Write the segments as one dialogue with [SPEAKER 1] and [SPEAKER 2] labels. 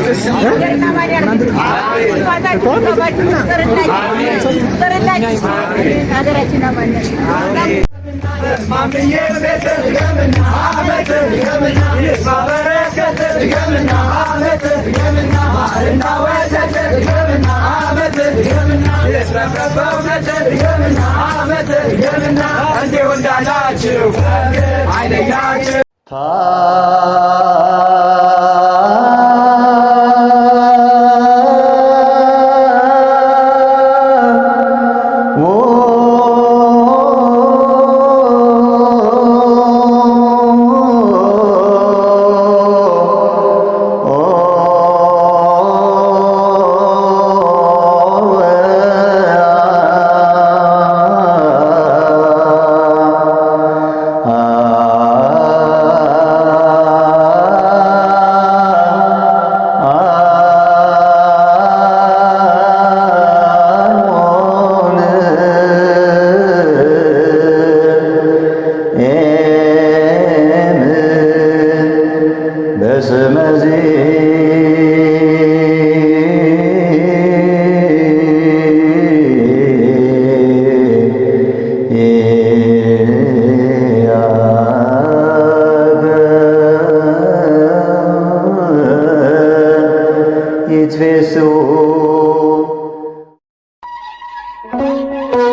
[SPEAKER 1] ገምና እንዴ ወንዳላችሁ አይለያችሁ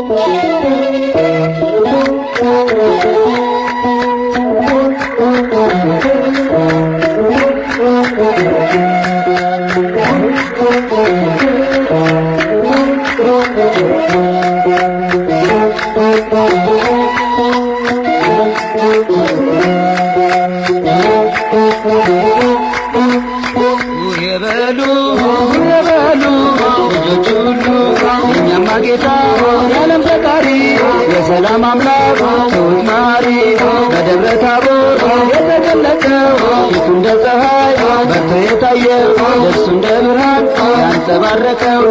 [SPEAKER 1] Thank you. የሰላም አምላክ ማሪ በደብረ ታቦር የተገለጠው ፊቱ እንደ ፀሐይ በርቶ የታየው ደሱ እንደ ብርሃን ያንጸባረቀው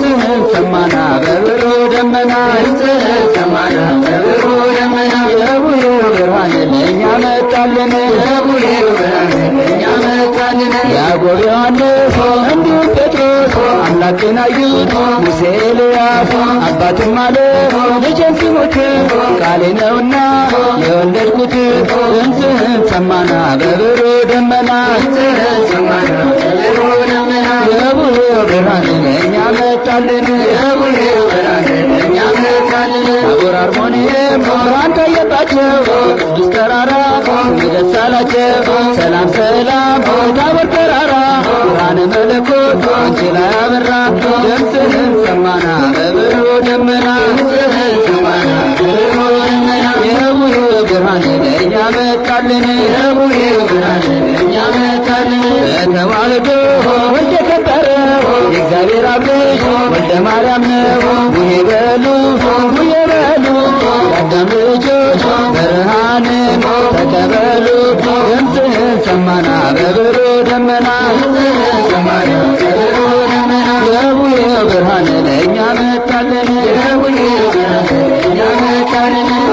[SPEAKER 1] ድምፅህን ሰማና በብሮ ደመና ድምፅህን ሰማና በብሮ ደመና የቡሄ ብርሃን ለእኛ መጣልን የቡሄ ብርሃን ለእኛ መጣልን ያዕቆብ ዮሐንስ እንዲሁ አምላክ አየሁት ሙሴ ኤልያስ አባቱም አለ ልጄን ሲሞት ቃሌ ነውና የወለድኩት ድምፅህን ሰማና በብሩ ደመና የቡሄ ብርሃንን እኛ መጣልን ታቦር አርሞንኤም ሞራን ታየባቸው ቅዱስ ተራራ ደስ አላቸው። ሰላም ሰላም ታቦር ተራራ ብርሃነ መለኮት አንቺ ላይ አበራ። ድምፅህን ሰማና በብሩ ደመና ድምፅህን ወልደ ከበረ የእግዚአብሔር አብ ወልደ ማርያም ነው ኪዳን ተቀበሉ ድምፅህን ሰማና በብሩ ደመና በቡየ ብርሃን ለእኛ መጣልን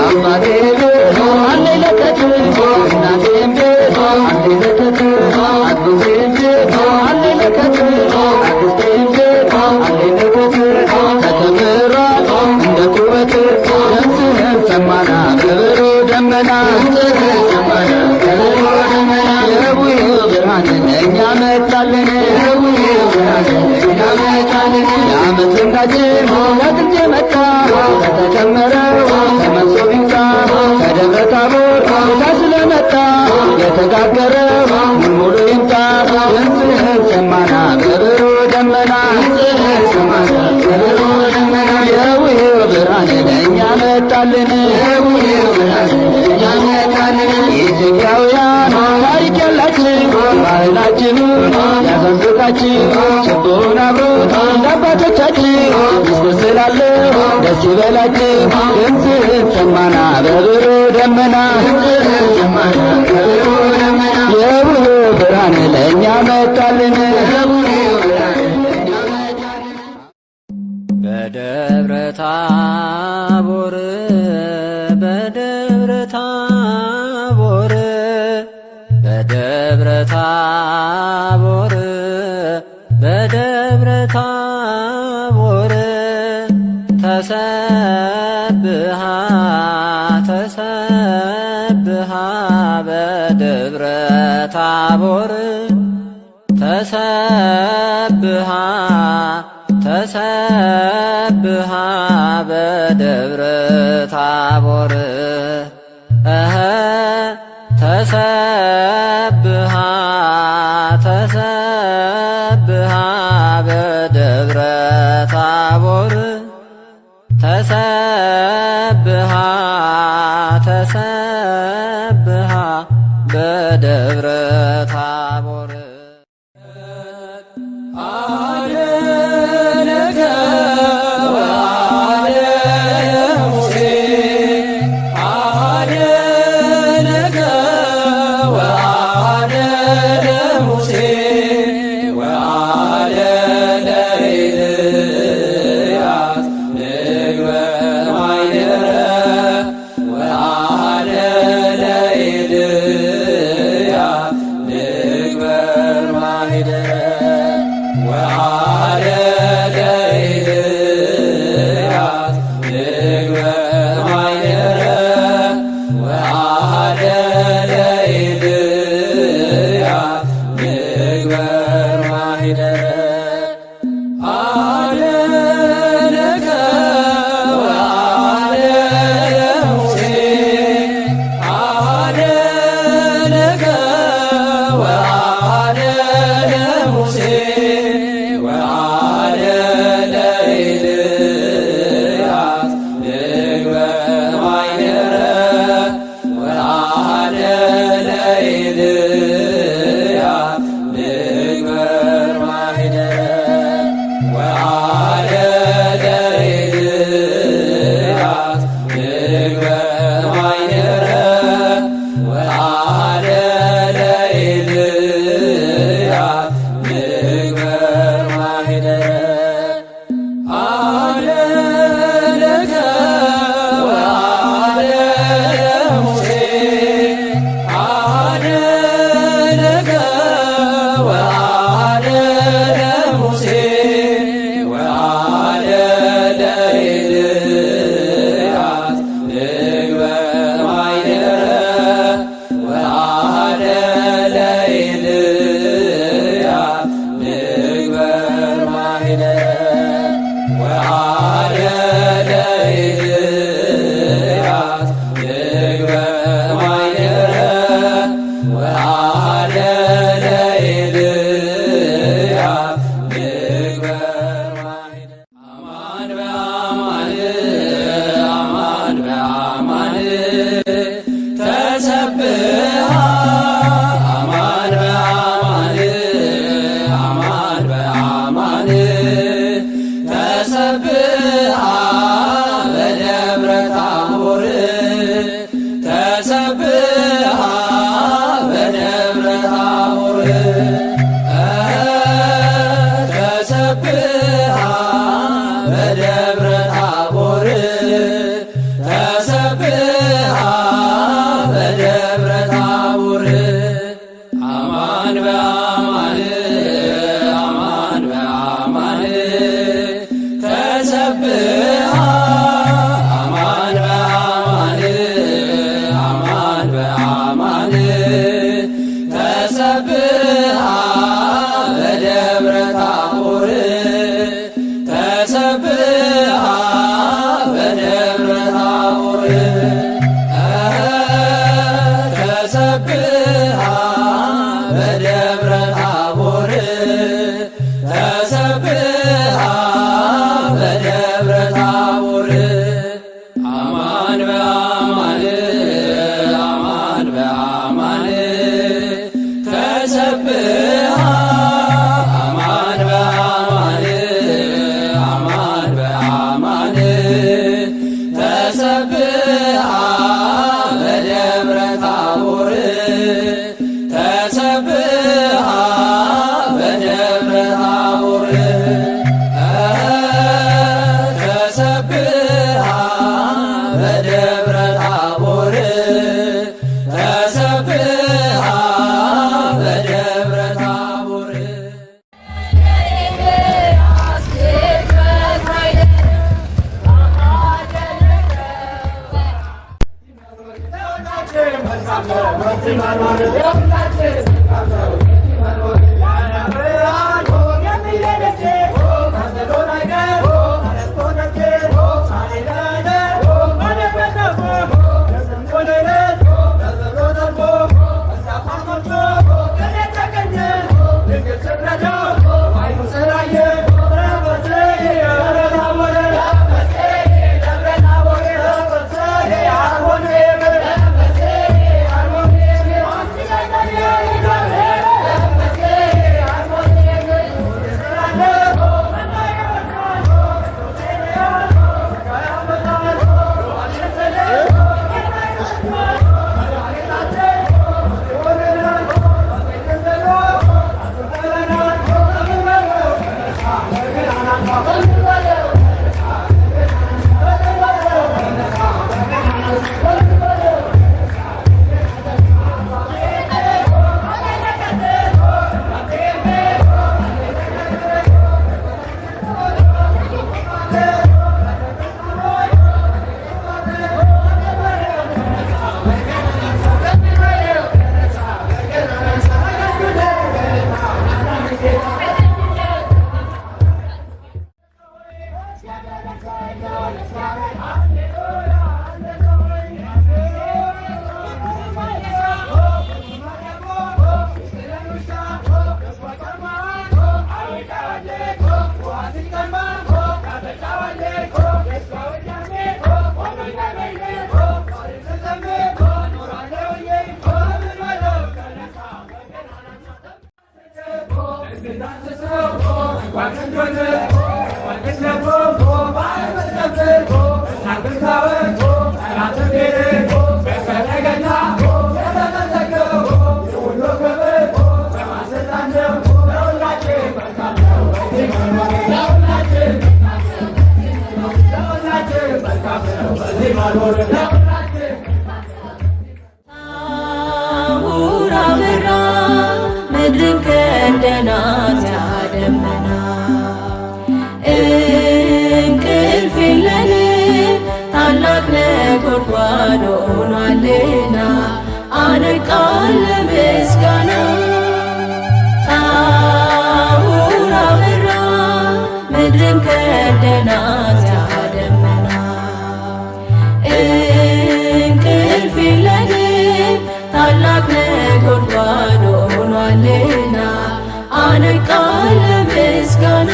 [SPEAKER 1] አባቴ ከመንገዳቴ ወጥቼ መጣ ከተከመረው ከመሶብ ስለመጣ የተጋገረው ደመና ድምፅህን ሰማና በብሩ ባህላችን ያዘንዘታችን ችቦን አብሮ እንዳባቶቻችን ምስክር ስላለ ደስ ይበላችን። ድምፅህን ሰማና በብሩ ደመና የብሩ ብርሃን ለእኛ መጣልን። በደብረ ታቦር በደብረ ታቦር ተሰብሃ ተሰብሃ በደብረ ታቦር ተሰብሃ ተሰብሃ በደብረ ታቦር ተሰብሃ ተሰብሃ በደብረ ታቦር ኃይለ Yeah. ታውራ ምስጋና ታውራ በራ ከደና ቃል ምስጋና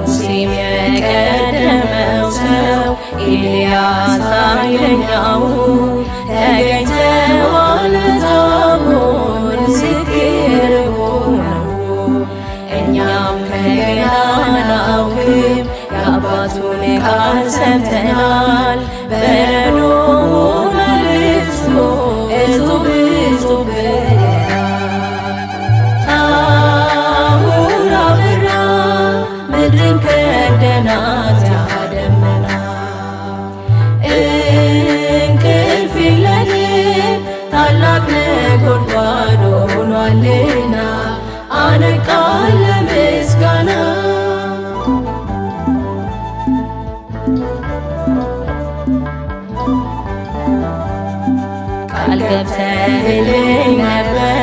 [SPEAKER 1] ሙሴም የቀደመው ሰው ኤልያስ ኃይለኛው ተገኝተዋል ታቦር ምስክር ሆነው እኛም ከገና አናውቅም የአባቱን ቃል ሰምተናል ቃል ገብተህልኝ ነበር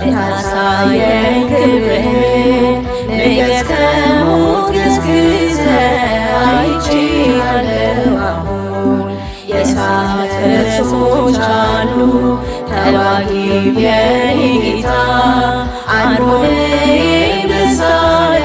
[SPEAKER 1] ልታሳየን ክብርህን ነገተ ሞት ገስግሰ አይቼሃለሁ አሁን የእሳት ፍርሶች አሉ ተዋጊ የኔ ጌታ አንሆነ ምሳሌ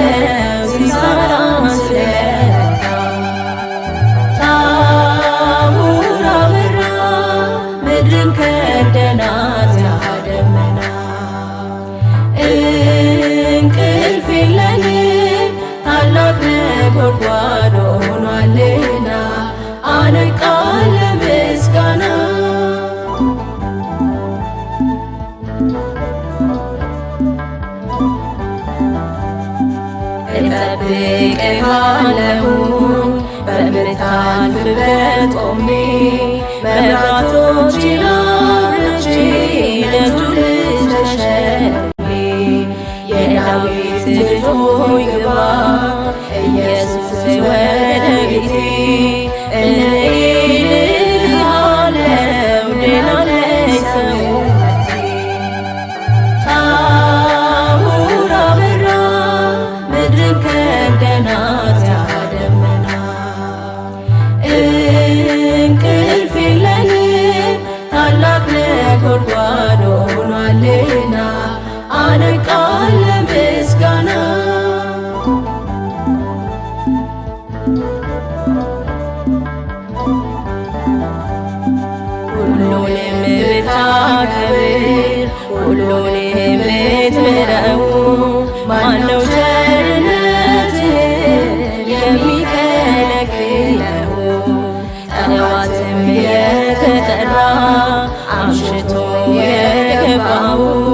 [SPEAKER 1] ያነቃል በምታልፍበት ቆሜ መብራቶች ናብረች ገብቶ የገባው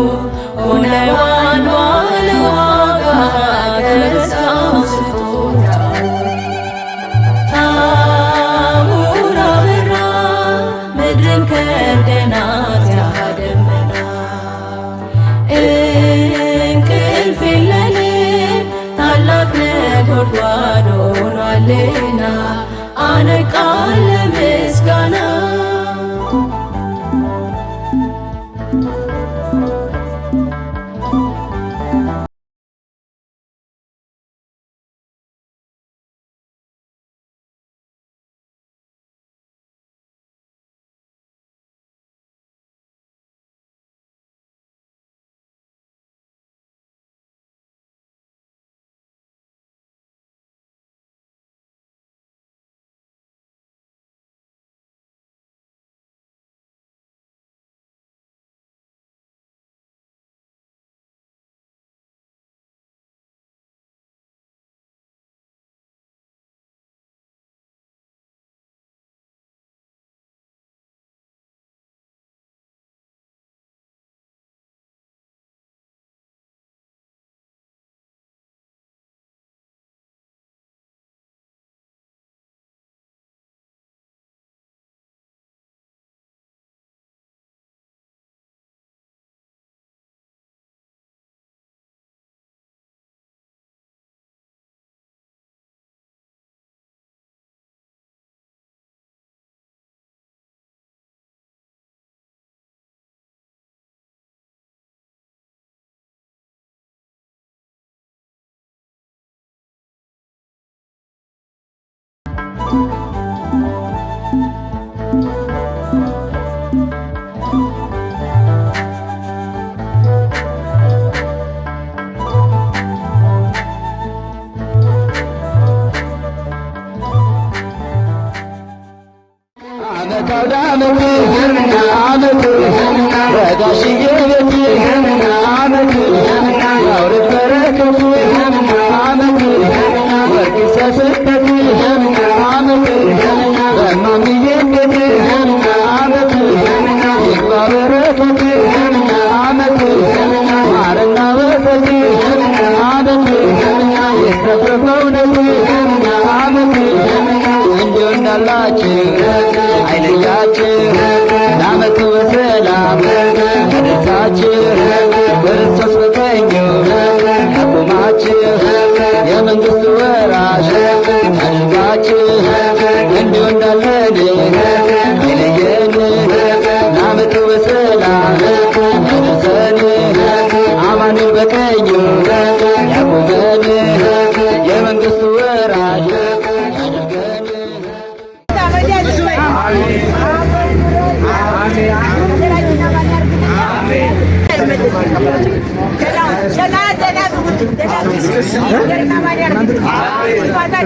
[SPEAKER 1] አይለያችሁ ለዓመቱ በሰላም በደስታችሁ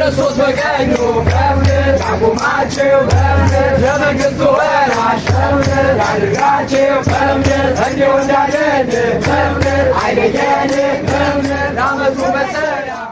[SPEAKER 1] ክርስቶስ በቀኙ ከብት አቁማችሁ በእምነት ለመንግሥቱ ወራሽ በእምነት አድርጋችሁ በእምነት እንዲሁ እንዳለን በእምነት አይለየን በእምነት ላመፁ መጠያ